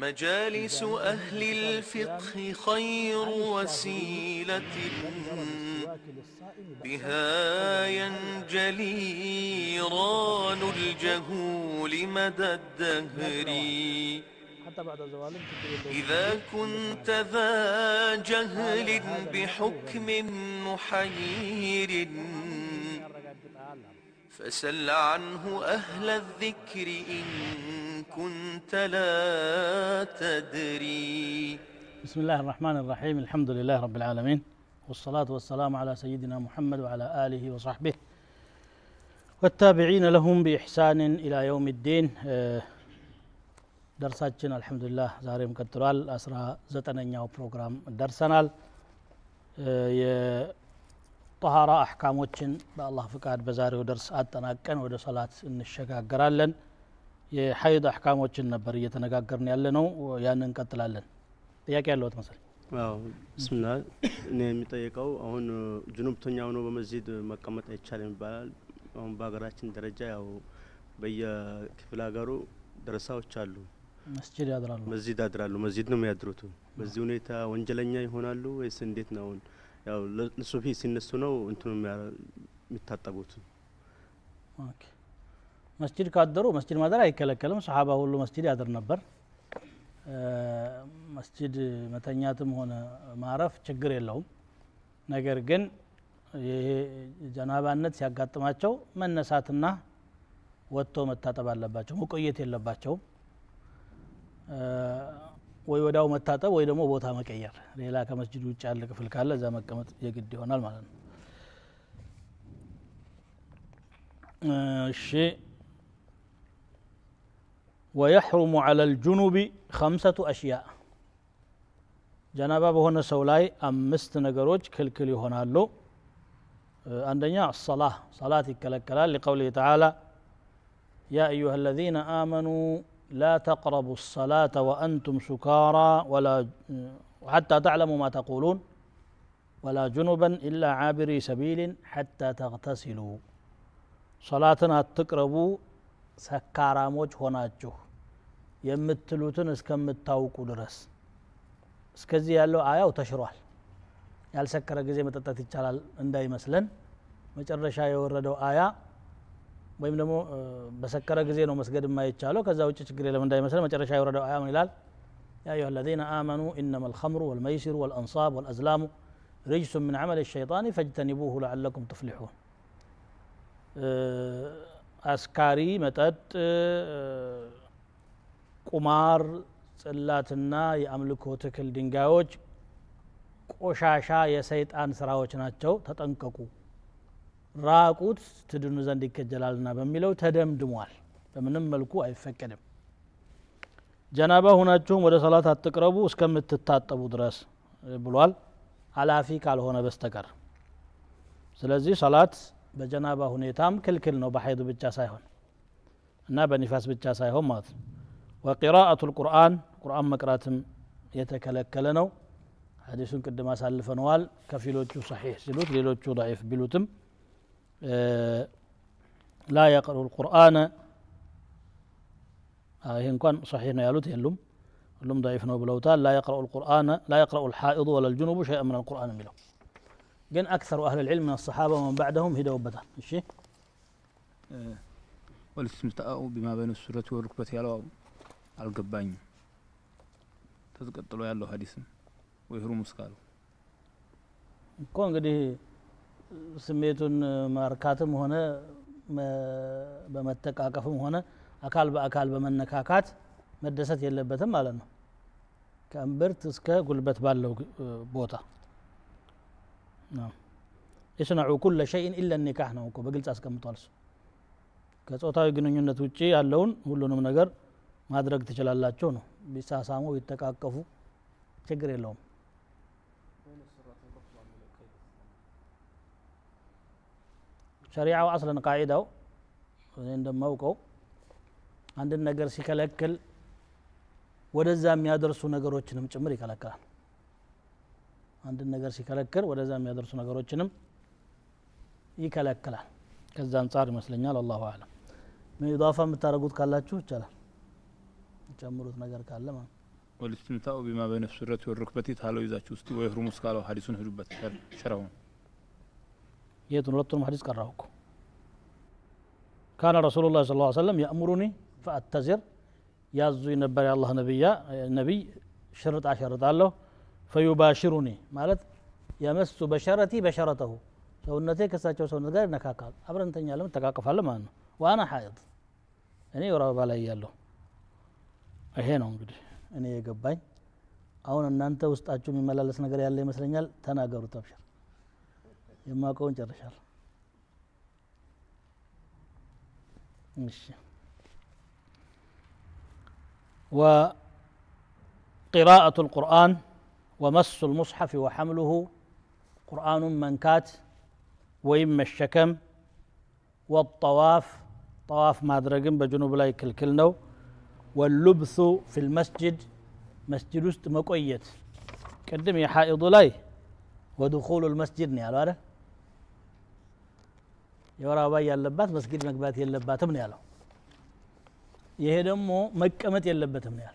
مجالس أهل الفقه خير وسيلة بها ينجلي ران الجهول مدى الدهر إذا كنت ذا جهل بحكم محير فسل عنه أهل الذكر إن كنت لا تدري بسم الله الرحمن الرحيم الحمد لله رب العالمين والصلاة والسلام على سيدنا محمد وعلى آله وصحبه والتابعين لهم بإحسان إلى يوم الدين درساتنا الحمد لله زاري كترال أسرى زتنين بروغرام درسنا ጠሃራ አሕካሞችን በአላህ ፍቃድ በዛሬው ደርስ አጠናቀን ወደ ሰላት እንሸጋገራለን የሐይድ አሕካሞችን ነበር እየተነጋገርን ያለ ነው ያን እንቀጥላለን ጥያቄ ያለዎት መሰለኝ ብስምላ እኔ የሚጠይቀው አሁን ጅኑብተኛ ሆኖ በመስጂድ መቀመጥ አይቻልም ይባላል አሁን በሀገራችን ደረጃ ያው በየክፍለ ሀገሩ ደረሳዎች አሉ መስጂድ ያድራሉ መስጂድ ያድራሉ መስጂድ ነው የሚያድሩት በዚህ ሁኔታ ወንጀለኛ ይሆናሉ ወይስ እንዴት ነው አሁን ያው ለሱ ፊት ሲነሱ ነው እንትኑ የሚታጠቡት። ኦኬ መስጂድ ካደሩ መስጂድ ማደር አይከለከልም። ሰሓባ ሁሉ መስጂድ ያድር ነበር። መስጂድ መተኛትም ሆነ ማረፍ ችግር የለውም። ነገር ግን ይሄ ጀናባነት ሲያጋጥማቸው መነሳትና ወጥቶ መታጠብ አለባቸው፣ መቆየት የለባቸውም። ወይ ወዳው መታጠብ ወይ ደግሞ ቦታ መቀየር፣ ሌላ ከመስጅድ ውጭ ያለ ክፍል ካለ እዛ መቀመጥ የግድ ይሆናል ማለት ነው። እሺ ወየሕሩሙ ዐለ ልጁኑቢ ኸምሰቱ አሽያእ ጀናባ በሆነ ሰው ላይ አምስት ነገሮች ክልክል ይሆናሉ። አንደኛ ሰላ ሰላት ይከለከላል። ሊቀውሊሂ ተዓላ ያ አዩሃ አለዚነ አመኑ لا تقربوا الصلاة وأنتم سكارى ولا وحتى تعلموا ما تقولون ولا جنبا إلا عابري سبيل حتى تغتسلوا صلاتنا تقربوا سكارى موج هناجو يمتلوتن اسكم التاوكو درس اسكزي يالو آية وتشروح يال سكرا قزي متتتت اتشالال انداي مثلا مجرشا يوردو آية ወይም ደግሞ በሰከረ ጊዜ ነው መስገድ የማይቻለው ከዛ ውጭ ችግር የለም እንዳይመስለ መጨረሻ የወረደው አያ ምን ይላል يا أيها الذين آمنوا إنما الخمر والميسر والأنصاب والأزلام رجس من عمل الشيطان فاجتنبوه لعلكم تفلحون አስካሪ መጠጥ ቁማር ጽላትና የአምልኮ ትክል ድንጋዮች ቆሻሻ የሰይጣን ስራዎች ናቸው ተጠንቀቁ ራቁት ትድኑ ዘንድ ይከጀላልና በሚለው ተደምድሟል በምንም መልኩ አይፈቀድም ጀናባ ሁናችሁም ወደ ሰላት አትቅረቡ እስከምትታጠቡ ድረስ ብሏል አላፊ ካልሆነ በስተቀር ስለዚህ ሰላት በጀናባ ሁኔታም ክልክል ነው በሀይድ ብቻ ሳይሆን እና በኒፋስ ብቻ ሳይሆን ማለት ነው ወቂራአቱ ልቁርአን ቁርአን መቅራትም የተከለከለ ነው ሀዲሱን ቅድም አሳልፈነዋል ከፊሎቹ ሰሒሕ ሲሉት ሌሎቹ ضعيፍ ቢሉትም آه، لا يقرأ القرآن هن آه، كان صحيح يالوت هلم هلم ضعيف بلوتان لا يقرأ القرآن لا يقرأ الحائض ولا الجنوب شيئا من القرآن ملو جن أكثر أهل العلم من الصحابة ومن بعدهم هدى وبدان ماشي آه، والاستمتاع بما بين السورة والركبة يالو القباني تزقطلو يالو حديث ويهرو مسكالو كون قدي ስሜቱን ማርካትም ሆነ በመተቃቀፍም ሆነ አካል በአካል በመነካካት መደሰት የለበትም ማለት ነው ከእምብርት እስከ ጉልበት ባለው ቦታ የስነዑ ኩለ ሸይን ኢለ ኒካህ ነው እኮ በግልጽ አስቀምጧል እሱ ከጾታዊ ግንኙነት ውጭ ያለውን ሁሉንም ነገር ማድረግ ትችላላቸው ነው ቢሳሳሙ ቢተቃቀፉ ችግር የለውም ሸሪዓው አስለን ቃዒዳው እኔ እንደማውቀው አንድን ነገር ሲከለክል ወደዛ የሚያደርሱ ነገሮችንም ጭምር ይከለክላል አንድን ነገር ሲከለክል ወደዛ የሚያደርሱ ነገሮችንም ይከለክላል ከዛ አንጻር ይመስለኛል አላሁ አለም ኢዳፋ የምታደረጉት ካላችሁ ይቻላል የጨምሩት ነገር ካለ ማለት ወልስትምታኡ ቢማ በነፍስ ረት ወርክበቲ ታለው ይዛችሁ ውስጥ ወይ ህሩሙስ ካለው ሀዲሱን ሂዱበት ሸረሁን የቱን ሁለቱንም ሀዲስ ቀራሁ እኮ ካነ ረሱሉ ላ ስ ሰለም የእምሩኒ ፈአተዚር ያዙኝ ነበር የአላህ ነቢያ ነቢይ ሽርጥ አሸርጣለሁ ፈዩባሽሩኒ ማለት የመሱ በሸረቲ በሸረተሁ ሰውነቴ ከሳቸው ሰውነት ጋር ይነካካል አብረን እንተኛለን እንተቃቀፋለን ማለት ነው ዋና ሀይድ እኔ ወር አበባ ላይ ያለሁ ይሄ ነው እንግዲህ እኔ የገባኝ አሁን እናንተ ውስጣችሁ የሚመላለስ ነገር ያለ ይመስለኛል ተናገሩት አብሽር كون ጨርሻለሁ። شر وقراءة القرآن ومس المصحف وحمله قرآن منكات وإما الشكم والطواف طواف ما درجم بجنوب لا يكلكلنو واللبث في المسجد مسجد وسط مقويت قدم يا حائض لاي ودخول المسجد ني የወር አበባ ያለባት መስጊድ መግባት የለባትም ነው ያለው ይሄ ደግሞ መቀመጥ የለበትም ነው ያለው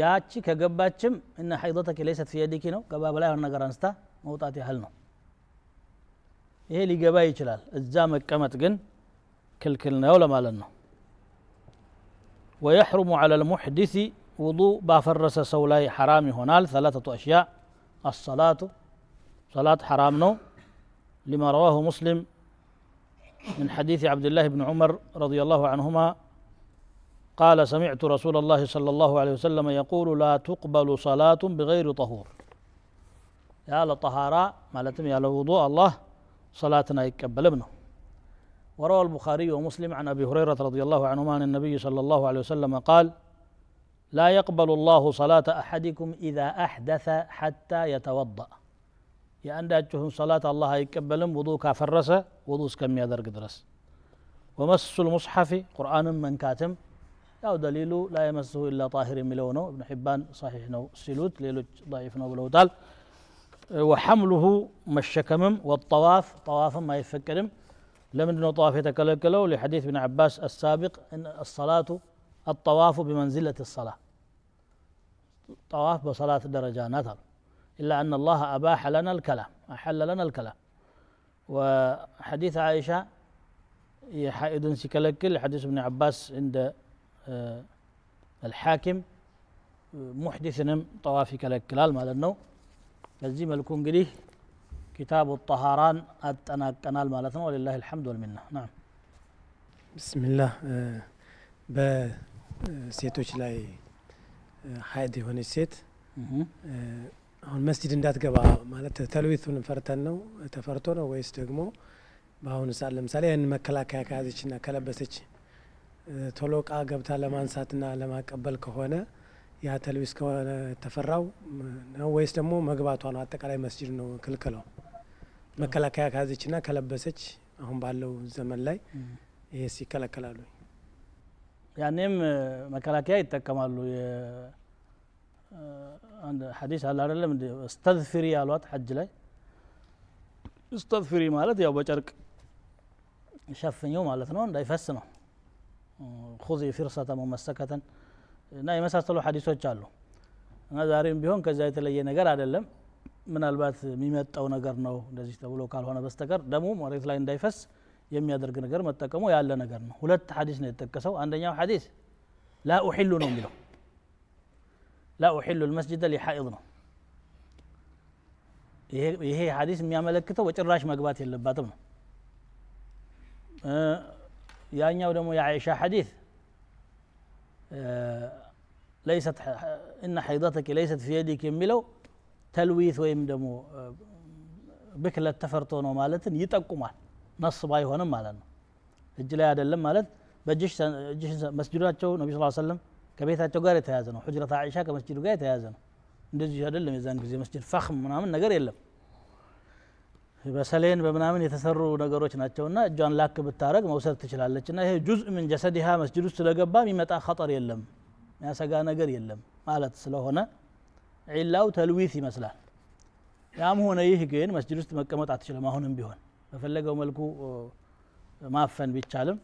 ያቺ ከገባችም እነ ሐይضተክ ለይሰት ፊ የዲኪ ነው ገባ በላይ የሆነ ነገር አንስታ መውጣት ያህል ነው ይሄ ሊገባ ይችላል እዛ መቀመጥ ግን ክልክል ነው ለማለት ነው ويحرم على المحدث وضوء بافرس سولاي حرام هنال ثلاثة أشياء الصلاة صلاة حرام نو لما رواه مسلم من حديث عبد الله بن عمر رضي الله عنهما قال سمعت رسول الله صلى الله عليه وسلم يقول لا تقبل صلاة بغير طهور يا لطهارة لتم يا لوضوء الله صلاتنا يقبل ابنه وروى البخاري ومسلم عن أبي هريرة رضي الله عنهما عن النبي صلى الله عليه وسلم قال لا يقبل الله صلاة أحدكم إذا أحدث حتى يتوضأ የአንዳችሁን ሰላት አላህ አይቀበልም ውዱ ካፈረሰ ውዱ እስከሚያደርግ ድረስ ወመሱ ልሙስሐፊ ቁርአንን መንካትም ያው ደሊሉ ላ የመስሁ ኢላ ጣሂር የሚለው ነው እብን ሒባን ሳሒሕ ነው ሲሉት ሌሎች ضዒፍ ነው ብለውታል ወሐምሉሁ መሸከምም ወጠዋፍ ጠዋፍም አይፈቀድም ለምንድን ነው ጠዋፍ የተከለከለው ለሐዲት ብን ዓባስ አሳቢቅ አሰላቱ الطواف بمنزلة الصلاة طواف بصلاة درجة نتر إلا أن الله أباح لنا الكلام أحل لنا الكلام وحديث عائشة يحائد سكلكل حديث ابن عباس عند آه، الحاكم محدث نم طوافي كلكلال ما لنو لازم الكون قليه كتاب الطهاران أنا كنال مالتنا ولله الحمد والمنة نعم بسم الله آه، آه، سيتوش لاي حائد هوني سيت አሁን መስጂድ እንዳትገባ ማለት ተልዊቱን ፈርተን ነው ተፈርቶ ነው ወይስ ደግሞ በአሁኑ ሰዓት ለምሳሌ ያን መከላከያ ከያዘችና ከለበሰች ቶሎ ቃ ገብታ ለማንሳትና ለማቀበል ከሆነ ያ ተልዊት ከሆነ ተፈራው ነው ወይስ ደግሞ መግባቷ ነው? አጠቃላይ መስጂድ ነው ክልክለው። መከላከያ ና ከለበሰች አሁን ባለው ዘመን ላይ ይሄስ ይከለከላሉ? ያኔም መከላከያ ይጠቀማሉ አንድ ሀዲስ አለ አደለም እንደ እስተዝፊሪ ያሏት ሐጅ ላይ እስተዝፊሪ ማለት ያው በጨርቅ ሸፍኘው ማለት ነው እንዳይፈስ ነው ሁዚ ፊርሰተ መመሰከተን እና የመሳሰሉ ሀዲሶች አሉ እና ዛሬም ቢሆን ከዚያ የተለየ ነገር አይደለም ምናልባት የሚመጣው ነገር ነው እንደዚህ ተብሎ ካልሆነ በስተቀር ደሙ መሬት ላይ እንዳይፈስ የሚያደርግ ነገር መጠቀሙ ያለ ነገር ነው ሁለት ሀዲስ ነው የተጠቀሰው አንደኛው ሀዲስ ላ ኡሒሉ ነው የሚለው لا أحل المسجد لحائضنا إيه إيه حديث ميا ملكته وجراش مقبات اللباتم أه، يا نيا ودمو يا عائشة حديث أه، ليست إن حيضتك ليست في يدك ملو تلويث ويم دمو أه، بكلة تفرطون ومالتن نص بايه ونم الجلاء هذا اللم مالت بجش مسجدات نبي صلى الله عليه وسلم ከቤታቸው ጋር የተያዘ ነው ሑጅረት አይሻ ከመስጅዱ ጋር የተያዘ ነው እንደዚህ አይደለም የዛን ጊዜ መስጅድ ፈክም ምናምን ነገር የለም በሰሌን በምናምን የተሰሩ ነገሮች ናቸውና እጇን ላክ ብታረግ መውሰድ ትችላለች እና ይሄ ጁዝ ምን ጀሰዲሃ መስጅድ ውስጥ ስለገባ የሚመጣ ኸጠር የለም የሚያሰጋ ነገር የለም ማለት ስለሆነ ዒላው ተልዊት ይመስላል ያም ሆነ ይህ ግን መስጅድ ውስጥ መቀመጥ አትችልም አሁንም ቢሆን በፈለገው መልኩ ማፈን ቢቻልም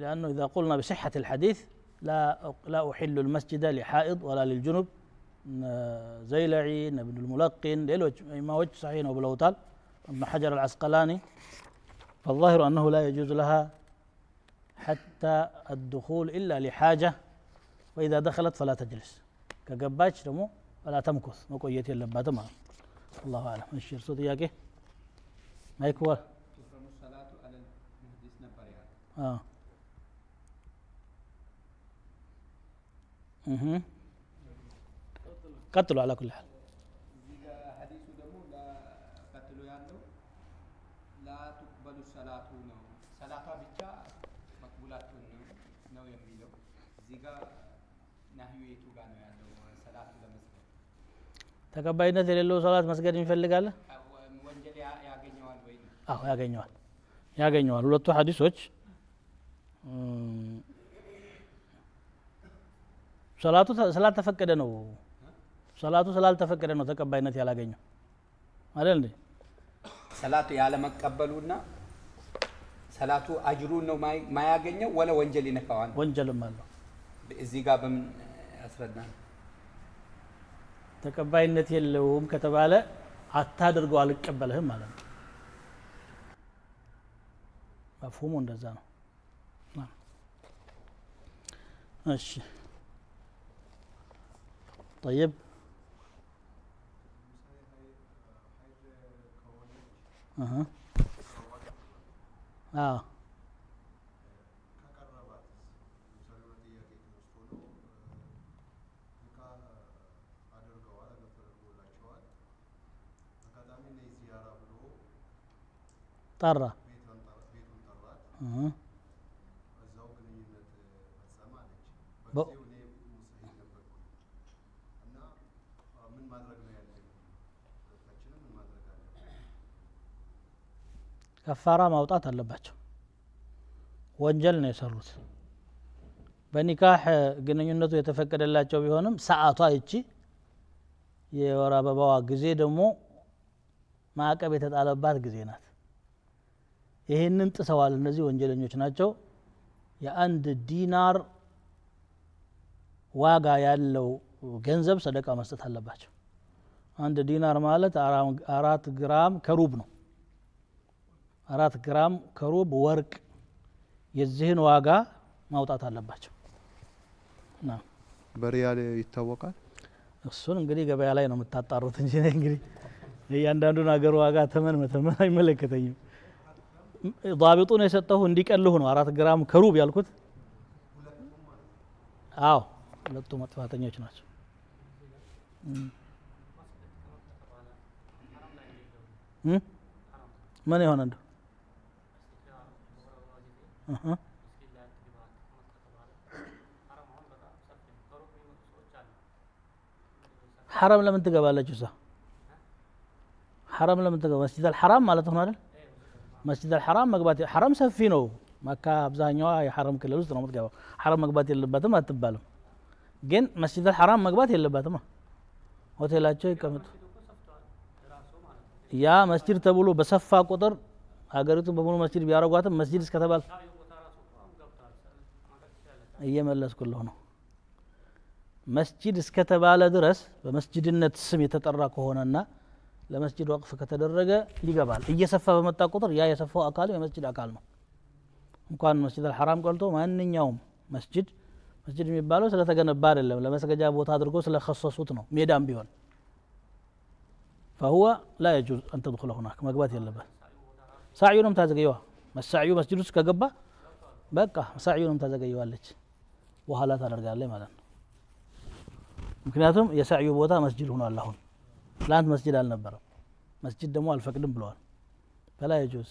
لأنه إذا قلنا بصحة الحديث لا لا أحل المسجد لحائض ولا للجنب زيلعي ابن الملقن ما وجه صحيح أبو الأوتال ابن حجر العسقلاني فالظاهر أنه لا يجوز لها حتى الدخول إلا لحاجة وإذا دخلت فلا تجلس كقباش رمو فلا تمكث مكويتي اللبات ما الله أعلم الشير صوت ياكي ما يكوى الصلاة على المهدس آه ቀጥሉ። አላኩል ሀል ተቀባይነት የሌለው ሰላት መስገድ ይፈልጋል። አዎ ያገኘዋል ያገኘዋል። ሁለቱ ሀዲሶች ሰላቱ ስላልተፈቀደ ነው ሰላቱ ስላልተፈቀደ ነው ተቀባይነት ያላገኘው አይደል እንዴ? ሰላቱ ያለመቀበሉና ሰላቱ አጅሩን ነው ማያገኘው ወለ ወንጀል ይነካዋል። ወንጀልም አለው እዚህ ጋር በምን ያስረዳል? ተቀባይነት የለውም ከተባለ አታድርገው አልቀበልህም ማለት ነው። መፍሁሙ እንደዛ ነው። እሺ طيب اها اه طره ከፋራ ማውጣት አለባቸው ወንጀል ነው የሰሩት በኒካህ ግንኙነቱ የተፈቀደላቸው ቢሆንም ሰዓቷ ይቺ የወር አበባዋ ጊዜ ደግሞ ማዕቀብ የተጣለባት ጊዜ ናት ይህንን ጥሰዋል እነዚህ ወንጀለኞች ናቸው የአንድ ዲናር ዋጋ ያለው ገንዘብ ሰደቃ መስጠት አለባቸው አንድ ዲናር ማለት አራት ግራም ከሩብ ነው አራት ግራም ከሩብ ወርቅ የዚህን ዋጋ ማውጣት አለባቸው። በሪያል ይታወቃል። እሱን እንግዲህ ገበያ ላይ ነው የምታጣሩት እንጂ እንግዲህ የእያንዳንዱን ሀገር ዋጋ ተመን መተመን አይመለከተኝም። ዛቢጡን የሰጠሁ እንዲቀልሁ ነው። አራት ግራም ከሩብ ያልኩት። አዎ ሁለቱ መጥፋተኞች ናቸው። ምን የሆነ እንደው Uh-huh. ሐረም ለምን ትገባለች? እሷ ሐረም ለምን ትገባ? መስጂድ አልሐራም ማለት ነው አይደል? መስጂድ አልሐራም መግባት ሐረም ሰፊ ነው። መካ አብዛኛዋ የሐረም ክልል ውስጥ ነው የምትገባው። ሐረም መግባት የለባትም አትባልም፣ ግን መስጂድ አልሐራም መግባት የለባትም። ሆቴላቸው ይቀመጡ። ያ መስጂድ ተብሎ በሰፋ ቁጥር ሀገሪቱን በሙሉ መስጂድ ቢያደርጓትም መስጂድ እስከተባል እየመለስኩለሁ ነው መስጅድ እስከተባለ ድረስ በመስጅድነት ስም የተጠራ ከሆነና ለመስጅድ ወቅፍ ከተደረገ ይገባል እየሰፋ በመጣ ቁጥር ያ የሰፋው አካል የመስጅድ አካል ነው እንኳን መስጅድ አልሐራም ቀልቶ ማንኛውም መስጅድ መስጅድ የሚባለው ስለተገነባ አይደለም ለመስገጃ ቦታ አድርጎ ስለከሰሱት ነው ሜዳም ቢሆን فهو لا يجوز أن تدخل መግባት የለበት ሳዕዩንም ታዘገየዋ መሳዕዩ መስጅድ ውስጥ ከገባ በቃ ሳዕዩንም ታዘገየዋለች በኋላ ታደርጋለህ ማለት ነው። ምክንያቱም የሰዕዩ ቦታ መስጅድ ሆኗል። አሁን ትላንት መስጅድ አልነበረም። መስጅድ ደግሞ አልፈቅድም ብለዋል። ፈላ የጁዝ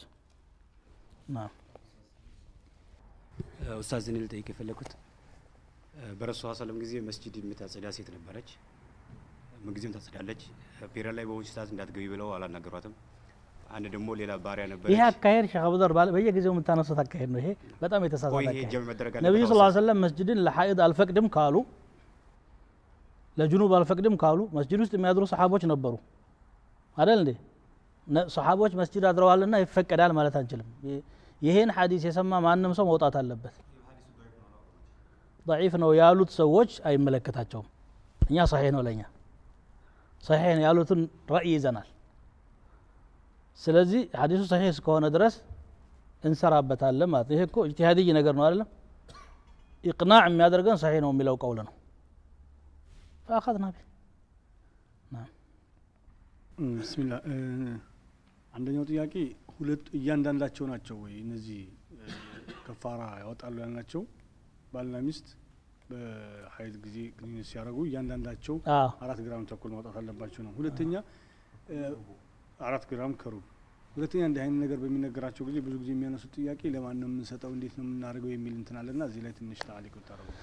ኡስታዝ እኔ ልጠይቅ የፈለኩት በረሱል ሰለም ጊዜ መስጅድ የምታጸዳ ሴት ነበረች። ምንጊዜም ታጸዳለች። ፔሪያ ላይ በሆንች ሰዓት እንዳትገቢ ብለው አላናገሯትም? አንድ ደግሞ ሌላ ባሪያ ነበር። ይሄ አካሄድ ሸህ አቡዘር ባለ በየጊዜው የምታነሱት አካሄድ ነው። ይሄ በጣም የተሳሳተ አካሄድ። ነብዩ ሰለላሁ ዐለይሂ ወሰለም መስጂድን ለሐይድ አልፈቅድም ካሉ፣ ለጅኑብ አልፈቅድም ካሉ መስጂድ ውስጥ የሚያድሩ ሰሓቦች ነበሩ አይደል እንዴ? ሰሓቦች መስጂድ አድረዋልና ይፈቀዳል ማለት አንችልም። ይሄን ሐዲስ የሰማ ማንም ሰው መውጣት አለበት። ضعيف ነው ያሉት ሰዎች አይመለከታቸውም። እኛ ሰሒህ ነው ለኛ ሰሒህ ያሉትን ራእይ ይዘናል። ስለዚህ ሀዲሱ ሰሒህ እስከሆነ ድረስ እንሰራበታለን ማለት ነው ይሄ እኮ ኢጅቲሃድይ ነገር ነው አይደለም ኢቅናዕ የሚያደርገን ሰሒህ ነው የሚለው ቀውል ነው ፈአኸዝና ቢ ብስሚላ አንደኛው ጥያቄ ሁለቱ እያንዳንዳቸው ናቸው ወይ እነዚህ ከፋራ ያወጣሉ ያልናቸው ባልና ሚስት በሀይል ጊዜ ግንኙነት ሲያደርጉ እያንዳንዳቸው አራት ግራም ተኩል ማውጣት አለባቸው ነው ሁለተኛ አራት ግራም ከሩብ ሁለተኛ እንዲህ አይነት ነገር በሚነገራቸው ጊዜ ብዙ ጊዜ የሚያነሱት ጥያቄ ለማን ነው የምንሰጠው፣ እንዴት ነው የምናደርገው የሚል እንትን ና እዚህ ላይ ትንሽ ተአሊቅ ታደረጉ።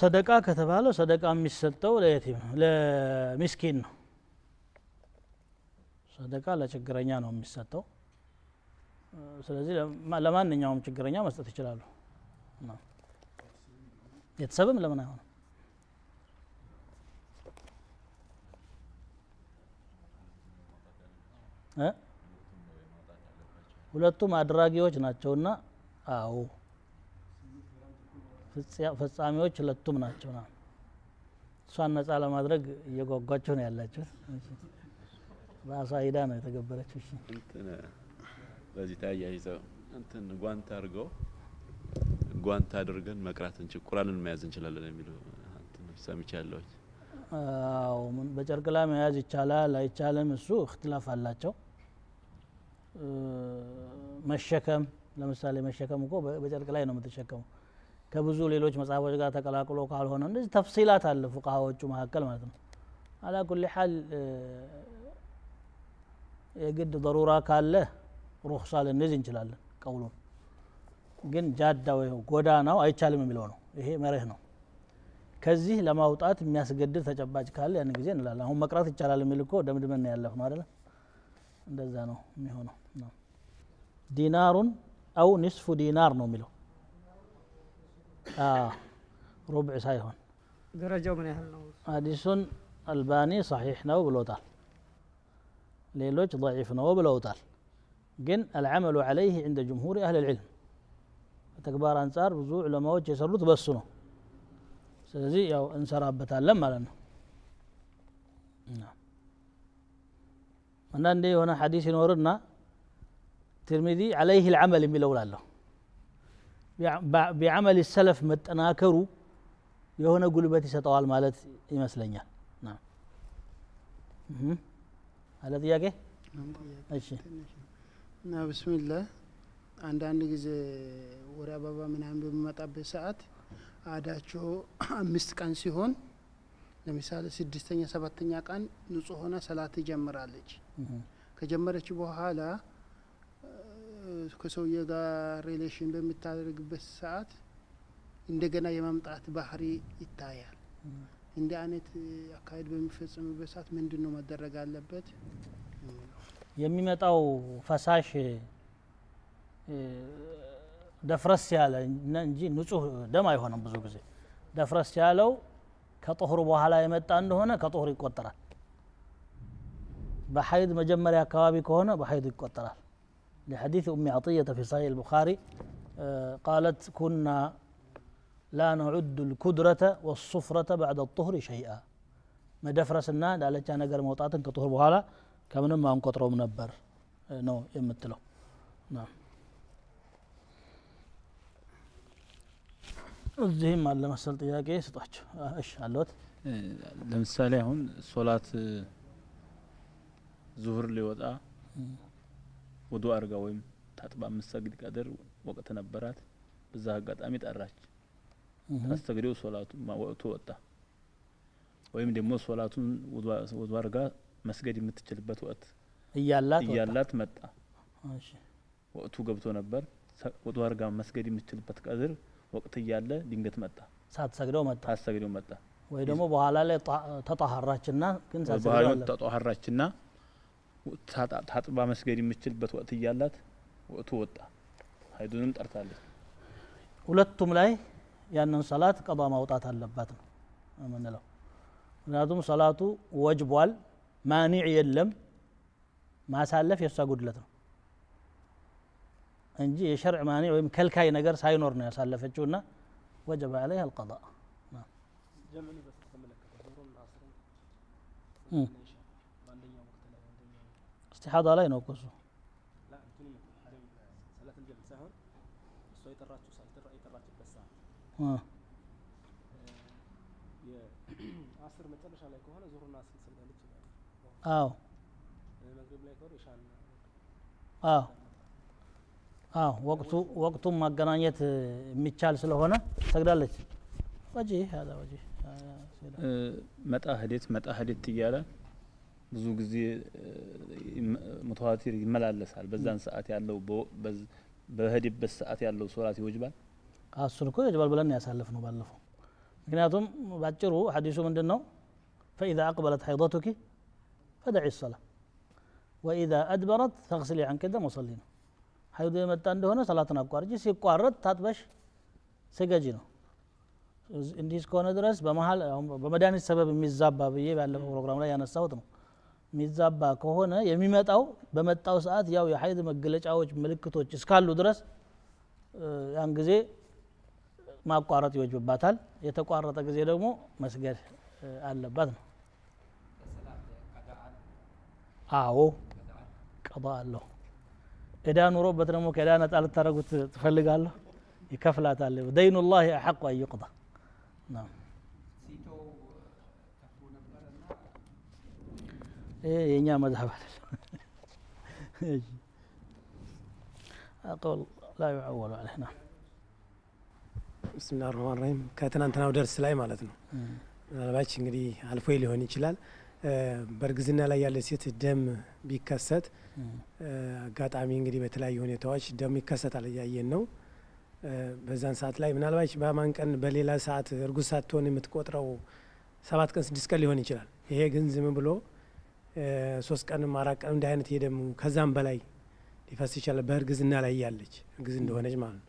ሰደቃ ከተባለ ሰደቃ የሚሰጠው ለየቲም ለሚስኪን ነው። ሰደቃ ለችግረኛ ነው የሚሰጠው። ስለዚህ ለማንኛውም ችግረኛ መስጠት ይችላሉ። ቤተሰብም ለምን አይሆንም? ሁለቱም አድራጊዎች ናቸውና አዎ ፈጻሚዎች ሁለቱም ናቸው ና እሷን ነጻ ለማድረግ እየጓጓቸው ነው ያላቸው ራሷ ሂዳ ነው የተገበረችው በዚህ ተያይዘው እንትን ጓንት አድርገው ጓንት አድርገን መቅራት እንችል ቁራንን መያዝ እንችላለን የሚሉ ሰምቻ አዎ በጨርቅ ላይ መያዝ ይቻላል አይቻልም እሱ እክትላፍ አላቸው መሸከም ለምሳሌ መሸከም እኮ በጨርቅ ላይ ነው የምትሸከመው ከብዙ ሌሎች መጽሐፎች ጋር ተቀላቅሎ ካልሆነ እንደዚህ ተፍሲላት አለ ፉቃሃዎቹ መካከል ማለት ነው አላ ኩል ሓል የግድ ضሩራ ካለ ሩክሳ ልንዝ እንችላለን ቀውሉን ግን ጃዳ ይኸው ጎዳናው አይቻልም የሚለው ነው ይሄ መርህ ነው ከዚህ ለማውጣት የሚያስገድድ ተጨባጭ ካለ ያን ጊዜ እንላለን አሁን መቅራት ይቻላል የሚል እኮ ደምድመና ያለፍ ነው እንደዛ ነው የሚሆነው ዲናሩን አው ኒስፉ ዲናር ነው የሚለው ሩብዕ ሳይሆን ደረጃው ምን ያህል ነው? ሀዲሱን አልባኒ ሰሒሕ ነው ብሎታል። ሌሎች ضዒፍ ነው ብለውታል። ግን አልዓመሉ ዓለይህ ዕንደ ጅምሁር አህል ልዕልም ከተግባር አንጻር ብዙ ዑለማዎች የሰሩት በሱ ነው። ስለዚህ ያው እንሰራበታለን ማለት ነው። አንዳንዴ የሆነ ሐዲስ ይኖርና ትርሚዚ ዓለይህ ልዓመል የሚለው ላለሁ ቢዓመል ሰለፍ መጠናከሩ የሆነ ጉልበት ይሰጠዋል ማለት ይመስለኛል አለ ጥያቄ እና ብስሚላ አንዳንድ ጊዜ ወደ አበባ ምናምን በሚመጣበት ሰዓት አዳቸው አምስት ቀን ሲሆን ለምሳሌ ስድስተኛ ሰባተኛ ቀን ንጹህ ሆና ሰላት ጀምራለች። ከጀመረች በኋላ ከሰውየ ጋር ሪሌሽን በምታደርግበት ሰዓት እንደገና የማምጣት ባህሪ ይታያል። እንዲህ አይነት አካሄድ በሚፈጽምበት ሰዓት ምንድን ነው መደረግ አለበት? የሚመጣው ፈሳሽ ደፍረስ ያለ እንጂ ንጹህ ደም አይሆንም። ብዙ ጊዜ ደፍረስ ያለው ከጦሁር በኋላ የመጣ እንደሆነ ከጦሁር ይቆጠራል። በሀይድ መጀመሪያ አካባቢ ከሆነ በሀይድ ይቆጠራል። لحديث أم عطية في صحيح البخاري آه، قالت كنا لا نعد الكدرة والصفرة بعد الطهر شيئا ما دفرسنا لا كان قرم وطاطا كطهر بهالا كمن ما انقطروا منبر آه، نو يمتلو نعم እዚህም አለ መሰል ጥያቄ ስጧቸው እሺ አለት ለምሳሌ አሁን ሶላት ዙሁር ሊወጣ ውዱ አርጋ ወይም ታጥባ የምትሰግድ ቀድር ወቅት ነበራት። በዛ አጋጣሚ ጠራች ታስተግደው ሶላቱ ወቅቱ ወጣ። ወይም ደግሞ ሶላቱን ውዱ አርጋ መስገድ የምትችልበት ወቅት እያላት መጣ። ወቅቱ ገብቶ ነበር። ውዱ አርጋ መስገድ የምትችልበት ቀድር ወቅት እያለ ድንገት መጣ። ሳትሰግደው መጣ ሳትሰግደው መጣ። ወይ ደግሞ በኋላ ላይ ተጣሀራችና ግን ሳትሰግደው ተጣሀራችና ታጥባ መስገድ የምችልበት ወቅት እያላት ወቅቱ ወጣ፣ ሀይዱንም ጠርታለች። ሁለቱም ላይ ያንን ሰላት ቀባ ማውጣት አለባት ነው የምንለው። ምክንያቱም ሰላቱ ወጅቧል፣ ማኒዕ የለም። ማሳለፍ የእሷ ጉድለት ነው እንጂ የሸርዕ ማኒዕ ወይም ከልካይ ነገር ሳይኖር ነው ያሳለፈችው እና ወጀበ ዐለይሃ አልቀዷ الاتحاد على انه كوسو لا بتني حريم سلة تلقى بالسهر سويت الراتب وصلت رأيت الراتب بس آه. اه يا عصر متلش على كوهنا زور الناس اللي سلبها لك اه يعني المغرب لا يكور يشان اه اه وقت وقت ما قنانيت آه، ميتشال سلوهنا تقدر وجيه هذا وجيه آه، متى هديت متى هديت تجاره ብዙ ጊዜ ሙተዋቲር ይመላለሳል። በዛን ሰዓት ያለው በህድበት ሰዓት ያለው ሶላት ይወጅባል። እሱን እኮ ይወጅባል ብለን ያሳለፍ ነው ባለፈው። ምክንያቱም ባጭሩ ሀዲሱ ምንድን ነው? ፈኢዛ አቅበለት ሀይضቱኪ ፈደዒ ሰላ ወኢዛ አድበረት ተቅስሊ አንቀደ ሙሰሊ ነው። ሀይዶ የመጣ እንደሆነ ሰላትን አቋርጭ፣ ሲቋረጥ ታጥበሽ ስገጂ ነው። እንዲህ እስከሆነ ድረስ በመሀል በመድኃኒት ሰበብ የሚዛባ ብዬ ባለፈው ፕሮግራም ላይ ያነሳሁት ነው ሚዛባ ከሆነ የሚመጣው በመጣው ሰዓት ያው የሀይድ መገለጫዎች ምልክቶች እስካሉ ድረስ ያን ጊዜ ማቋረጥ ይወጅብባታል የተቋረጠ ጊዜ ደግሞ መስገድ አለባት ነው አዎ ቀባ አለሁ እዳ ኑሮበት ደግሞ ከዳ ነጻ ልታደረጉት ትፈልጋለሁ ይከፍላታል ላህ አሐቁ አን ዩቅዳ የእኛ መዝሀብ አይደለም። ላ ዩዐወሉ ዐለይህ ብስሚላህ ረህማን ከትናንትናው ደርስ ላይ ማለት ነው ምናልባች እንግዲህ አልፎ ሊሆን ይችላል። በእርግዝና ላይ ያለ ሴት ደም ቢከሰት አጋጣሚ እንግዲህ በተለያዩ ሁኔታዎች ደም ይከሰታል፣ እያየን ነው። በዛን ሰዓት ላይ ምናልባች በማን ቀን በሌላ ሰዓት እርጉዝ ሳትሆን የምትቆጥረው ሰባት ቀን ስድስት ቀን ሊሆን ይችላል። ይሄ ግን ዝም ብሎ ሶስት ቀንም አራት ቀን እንዲህ አይነት ይሄ ከዛም በላይ ሊፈስ ይችላል። በእርግዝና ላይ ያለች እርግዝ እንደሆነች ማለት ነው።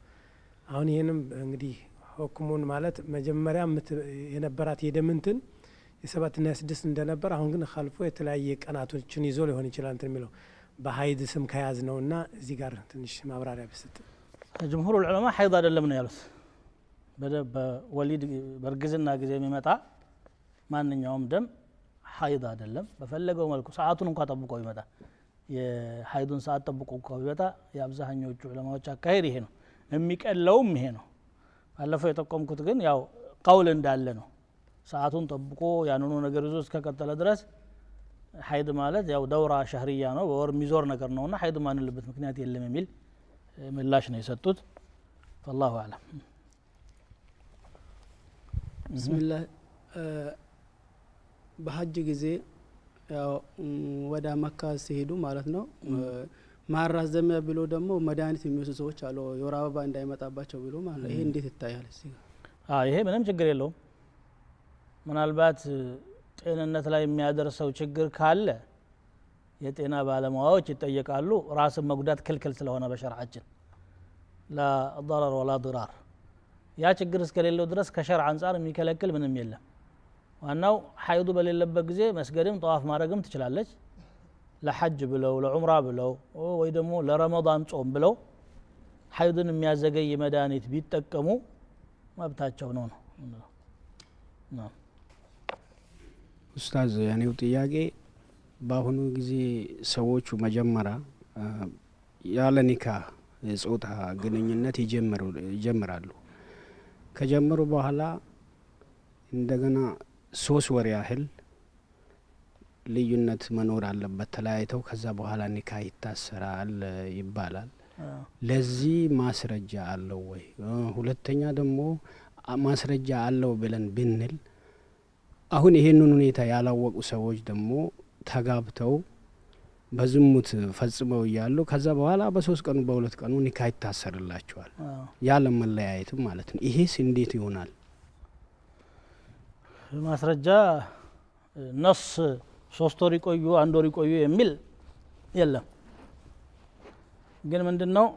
አሁን ይህንም እንግዲህ ህክሙን ማለት መጀመሪያ የነበራት እንትን የሰባትና የስድስት እንደነበር አሁን ግን ካልፎ የተለያየ ቀናቶችን ይዞ ሊሆን ይችላል እንትን የሚለው በሀይድ ስም ከያዝ ነው እና እዚህ ጋር ትንሽ ማብራሪያ ብስጥ። ጅምሁር ልዑለማ ሀይድ አይደለም ነው ያሉት። በወሊድ በእርግዝና ጊዜ የሚመጣ ማንኛውም ደም ሀይድ አይደለም። በፈለገው መልኩ ሰዓቱን እንኳ ጠብቆ ይመጣ የሀይዱን ሰዓት ጠብቆ እንኳ ቢመጣ የአብዛኞቹ ዑለማዎች አካሄድ ይሄ ነው። የሚቀለውም ይሄ ነው። ባለፈው የጠቆምኩት ግን ያው ቀውል እንዳለ ነው። ሰዓቱን ጠብቆ ያንኑ ነገር ይዞ እስከቀጠለ ድረስ ሀይድ ማለት ያው ደውራ ሸህርያ ነው፣ በወር የሚዞር ነገር ነውና ሀይድ ማንልበት ምክንያት የለም የሚል ምላሽ ነው የሰጡት። ፈላሁ አለም ብስሚላህ በሀጅ ጊዜ ያው ወደ መካ ሲሄዱ ማለት ነው ማራዘሚያ ብሎ ደግሞ መድኃኒት የሚወስዱ ሰዎች አሉ፣ የወር አበባ እንዳይመጣባቸው ብሎ ማለት ነው። ይሄ እንዴት ይታያል? ይሄ ምንም ችግር የለውም። ምናልባት ጤንነት ላይ የሚያደርሰው ችግር ካለ የጤና ባለሙያዎች ይጠየቃሉ። ራስን መጉዳት ክልክል ስለሆነ በሸርዓችን ላ ضረር ወላ ድራር ያ ችግር እስከሌለው ድረስ ከሸርዓ አንጻር የሚከለክል ምንም የለም። ዋናው ሀይዱ በሌለበት ጊዜ መስገድም ጠዋፍ ማድረግም ትችላለች ለሐጅ ብለው ለዑምራ ብለው ወይ ደግሞ ለረመዳን ጾም ብለው ሀይድን የሚያዘገይ መድኃኒት ቢጠቀሙ መብታቸው ነው ነው ኡስታዝ ያኔው ጥያቄ በአሁኑ ጊዜ ሰዎቹ መጀመሪያ ያለ ኒካ የጾታ ግንኙነት ይጀምራሉ ከጀመሩ በኋላ እንደገና ሶስት ወር ያህል ልዩነት መኖር አለበት። ተለያይተው ከዛ በኋላ ኒካ ይታሰራል ይባላል። ለዚህ ማስረጃ አለው ወይ? ሁለተኛ ደግሞ ማስረጃ አለው ብለን ብንል አሁን ይሄንን ሁኔታ ያላወቁ ሰዎች ደግሞ ተጋብተው በዝሙት ፈጽመው እያሉ ከዛ በኋላ በሶስት ቀኑ በሁለት ቀኑ ኒካ ይታሰርላቸዋል። ያለ መለያየትም ማለት ነው። ይሄስ እንዴት ይሆናል? ማስረጃ ነስ ሶስት ወር ይቆዩ አንድ ወር ይቆዩ የሚል የለም ግን ምንድን ነው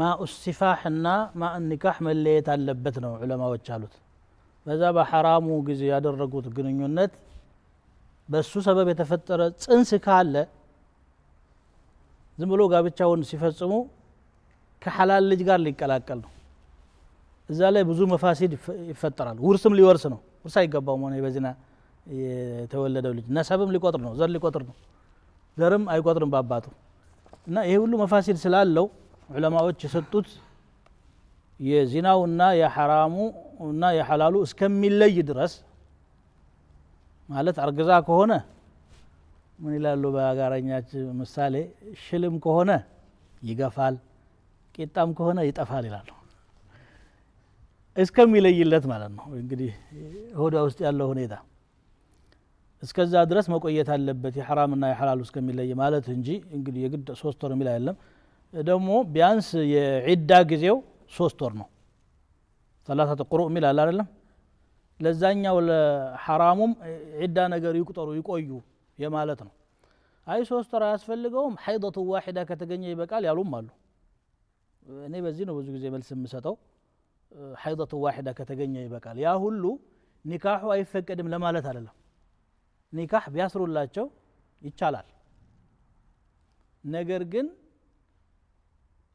ማኡስቲፋሕ እና ማእኒካሕ መለየት አለበት ነው ዑለማዎች አሉት በዛ በሐራሙ ጊዜ ያደረጉት ግንኙነት በሱ ሰበብ የተፈጠረ ጽንስ ካለ ዝም ብሎ ጋብቻውን ሲፈጽሙ ከሐላል ልጅ ጋር ሊቀላቀል ነው እዛ ላይ ብዙ መፋሲድ ይፈጠራል። ውርስም ሊወርስ ነው። ውርስ አይገባውም። ሆነ በዚና የተወለደው ልጅ ነሰብም ሊቆጥር ነው። ዘር ሊቆጥር ነው። ዘርም አይቆጥርም በአባቱ እና ይሄ ሁሉ መፋሲድ ስላለው ዑለማዎች የሰጡት የዚናውና የሐራሙ እና የሐላሉ እስከሚለይ ድረስ ማለት አርግዛ ከሆነ ምን ይላሉ በአጋራኛች ምሳሌ፣ ሽልም ከሆነ ይገፋል፣ ቂጣም ከሆነ ይጠፋል ይላሉ። እስከሚለይለት ማለት ነው። እንግዲህ ሆዷ ውስጥ ያለው ሁኔታ እስከዛ ድረስ መቆየት አለበት የሐራምና የሐላሉ እስከሚለይ ማለት እንጂ እንግዲህ የግድ ሶስት ወር የሚል አይደለም። ደግሞ ቢያንስ የዒዳ ጊዜው ሶስት ወር ነው። ሰላሳት ቁሩእ የሚል አለ አይደለም። ለዛኛው ለሐራሙም ዒዳ ነገር ይቁጠሩ ይቆዩ የማለት ነው። አይ ሶስት ወር አያስፈልገውም ሐይደቱ ዋሒዳ ከተገኘ ይበቃል ያሉም አሉ። እኔ በዚህ ነው ብዙ ጊዜ መልስ የምሰጠው ሐይጠቱ ዋሂዳ ከተገኘ ይበቃል። ያ ሁሉ ኒካሑ አይፈቀድም ለማለት አይደለም። ኒካህ ቢያስሩላቸው ይቻላል። ነገር ግን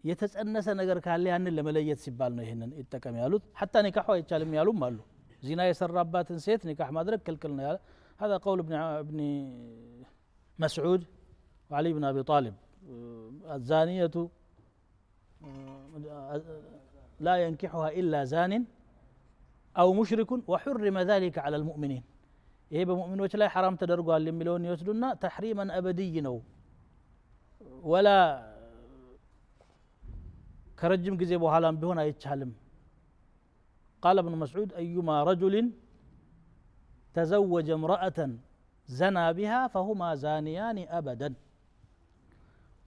የተጸነሰ ነገር ካለ ያንን ለመለየት ሲባል ነው ይህንን ይጠቀም ያሉት። ሐታ ኒካሑ አይቻልም ያሉም አሉ። ዚና የሰራባትን ሴት ኒካህ ማድረግ ክልክል ነው ያለ هذا قول ابن مسعود وعلي بن أبي طالب الزانية لا ينكحها إلا زان أو مشرك وحرم ذلك على المؤمنين إيه بمؤمن وش لا حرام تدرقوا اللي ملون يسدنا تحريما أبديا ولا كرجم قزيب وحالان بهنا يتشالم قال ابن مسعود أيما رجل تزوج امرأة زنى بها فهما زانيان أبداً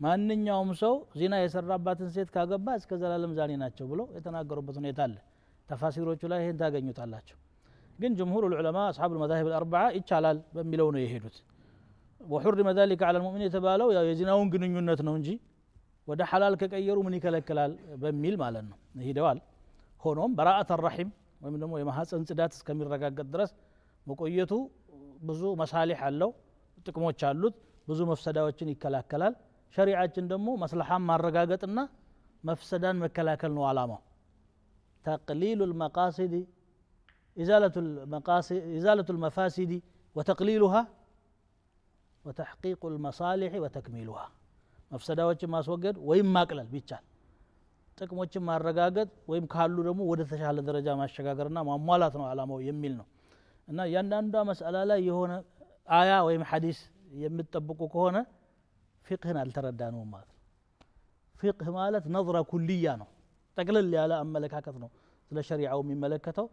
ማንኛውም ሰው ዚና የሰራባትን ሴት ካገባ እስከ ዘላለም ዛኔ ናቸው ብሎ የተናገሩበት ሁኔታ አለ። ተፋሲሮቹ ላይ ይህን ታገኙታላቸው። ግን ጅምሁር ልዑለማ አስሓብ ልመዛሂብ አልአርበዓ ይቻላል በሚለው ነው የሄዱት። ወሑሪመ ዛሊከ ዓላ ልሙእሚን የተባለው ያው የዚናውን ግንኙነት ነው እንጂ ወደ ሓላል ከቀየሩ ምን ይከለክላል በሚል ማለት ነው ሂደዋል። ሆኖም በራአት አራሒም ወይም ደግሞ የማሐፀን ጽዳት እስከሚረጋገጥ ድረስ መቆየቱ ብዙ መሳሊሕ አለው፣ ጥቅሞች አሉት፣ ብዙ መፍሰዳዎችን ይከላከላል። ሸሪዓችን ደግሞ መስለሓን ማረጋገጥና መፍሰዳን መከላከል ነው አላማው ተቅሊሉ ልመቃሲድ ኢዛለቱ ልመፋሲድ ወተቅሊሉሃ ወተሕቂቁ ልመሳሊሕ ወተክሚሉሃ መፍሰዳዎችን ማስወገድ ወይም ማቅለል ቢቻል ጥቅሞችን ማረጋገጥ ወይም ካሉ ደግሞ ወደ ተሻለ ደረጃ ማሸጋገርና ማሟላት ነው አላማው የሚል ነው እና እያንዳንዷ መስአላ ላይ የሆነ አያ ወይም ሐዲስ የምትጠብቁ ከሆነ ፊቅህን አልተረዳነውም ማለት ነው። ፊቅህ ማለት ነዝራ ኩልያ ነው። ጠቅልል ያለ አመለካከት ነው ስለ ሸሪዓው የሚመለከተው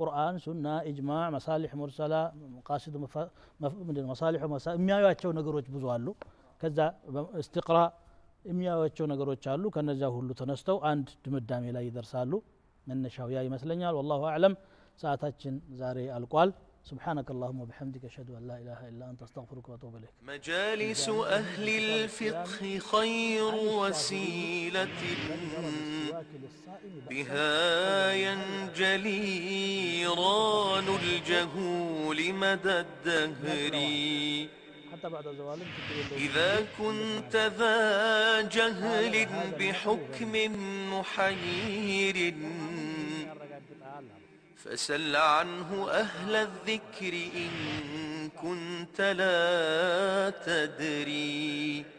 ቁርአን፣ ሱና፣ ኢጅማዕ፣ መሳሊሕ ሙርሰላ፣ መቃሲድ መሳሊሑ የሚያዩቸው ነገሮች ብዙ አሉ። ከዛ እስትቅራ የሚያዩቸው ነገሮች አሉ። ከነዚያ ሁሉ ተነስተው አንድ ድምዳሜ ላይ ይደርሳሉ። መነሻው ያ ይመስለኛል። ወላሁ አዕለም። ሰዓታችን ዛሬ አልቋል። سبحانك اللهم وبحمدك أشهد أن لا إله إلا أنت أستغفرك وأتوب إليك مجالس أهل الفقه خير وسيلة بها ينجلي ران الجهول مدى الدهر إذا كنت ذا جهل بحكم محير فسل عنه أهل الذكر إن كنت لا تدري